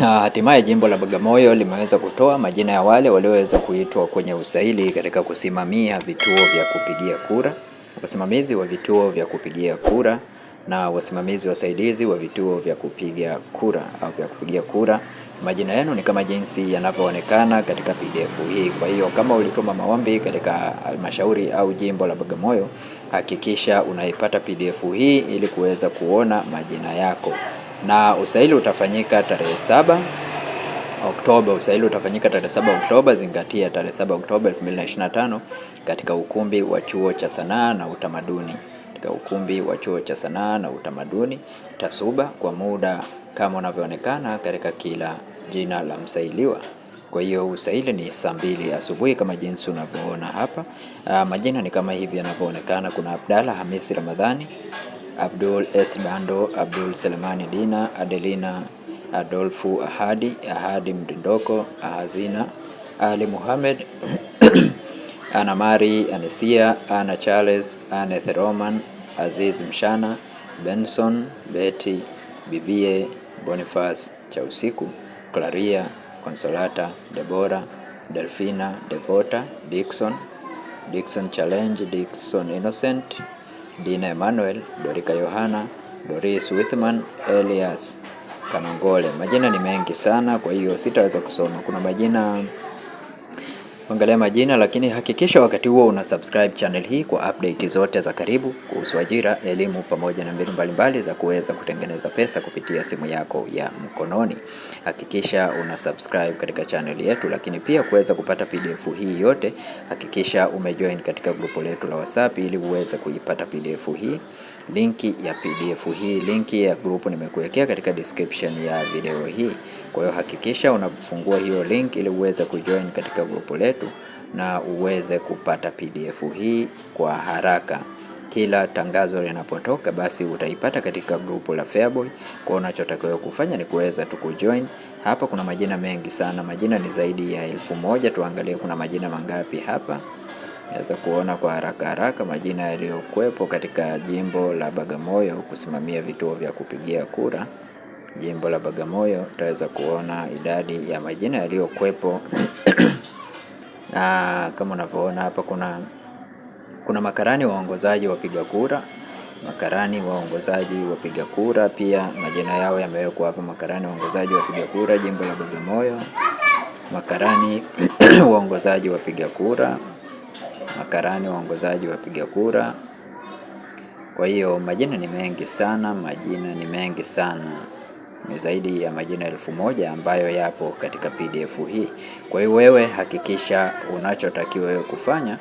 Hatimaye jimbo la Bagamoyo limeweza kutoa majina ya wale walioweza kuitwa kwenye usaili katika kusimamia vituo vya kupigia kura, wasimamizi wa vituo vya kupigia kura na wasimamizi wasaidizi wa vituo vya kupiga kura au vya kupigia kura. Majina yenu ni kama jinsi yanavyoonekana katika PDF hii. Kwa hiyo kama ulituma maombi katika halmashauri au jimbo la Bagamoyo, hakikisha unaipata PDF hii ili kuweza kuona majina yako na usaili utafanyika tarehe saba Oktoba. Usaili utafanyika tarehe saba Oktoba, zingatia tarehe saba Oktoba 2025 katika ukumbi wa chuo cha sanaa na utamaduni, katika ukumbi wa chuo cha sanaa na utamaduni Tasuba, kwa muda kama unavyoonekana katika kila jina la msailiwa. Kwa hiyo usaili ni saa mbili asubuhi kama jinsi unavyoona hapa. Ah, majina ni kama hivi yanavyoonekana. Kuna Abdalla Hamisi Ramadhani Abdul S Bando, Abdul Selemani Dina, Adelina Adolfu Ahadi, Ahadi Mdindoko, Ahazina Ali Muhammad Ana Mari, Anesia, Ana Charles, Ana Theroman, Aziz Mshana, Benson, Betty, Bibie, Boniface Chausiku, Claria, Consolata, Debora, Delfina, Devota, Dixon, Dixon Challenge, Dixon Innocent Dina Emmanuel, Dorika Yohana, Doris Withman, Elias Kanangole. Majina ni mengi sana, kwa hiyo sitaweza kusoma. Kuna majina kuangalia majina, lakini hakikisha wakati huo una subscribe channel hii kwa update zote za karibu kuhusu ajira, elimu pamoja na mbinu mbalimbali za kuweza kutengeneza pesa kupitia simu yako ya mkononi. Hakikisha una subscribe katika channel yetu, lakini pia kuweza kupata PDF hii yote, hakikisha umejoin katika grupu letu la WhatsApp ili uweze kuipata PDF hii. Linki ya PDF hii, linki ya grupu nimekuwekea katika description ya video hii. Kwa hiyo hakikisha unafungua hiyo link ili uweze kujoin katika grupu letu na uweze kupata PDF hii kwa haraka. Kila tangazo linapotoka, basi utaipata katika grupu la Feaboy. Kwa unachotakiwa kufanya ni kuweza tu kujoin. Hapa kuna majina mengi sana, majina ni zaidi ya elfu moja. Tuangalie kuna majina mangapi hapa. Naweza kuona kwa haraka haraka majina yaliyokuwepo katika jimbo la Bagamoyo kusimamia vituo vya kupigia kura jimbo la Bagamoyo utaweza kuona idadi ya majina yaliyokuwepo na kama unavyoona hapa kuna kuna makarani waongozaji wapiga kura, makarani waongozaji wapiga kura, pia majina yao yamewekwa hapa: makarani waongozaji wapiga kura jimbo la Bagamoyo, makarani waongozaji wapiga kura, makarani waongozaji wapiga kura. Kwa hiyo majina ni mengi sana, majina ni mengi sana. Ni zaidi ya majina elfu moja ambayo yapo katika PDF hii. Kwa hiyo wewe hakikisha unachotakiwa wewe kufanya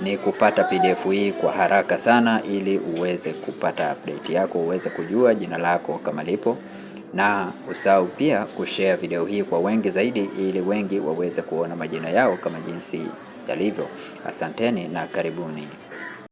ni kupata PDF hii kwa haraka sana, ili uweze kupata update yako, uweze kujua jina lako kama lipo, na usahau pia kushare video hii kwa wengi zaidi, ili wengi waweze kuona majina yao kama jinsi yalivyo. Asanteni na karibuni.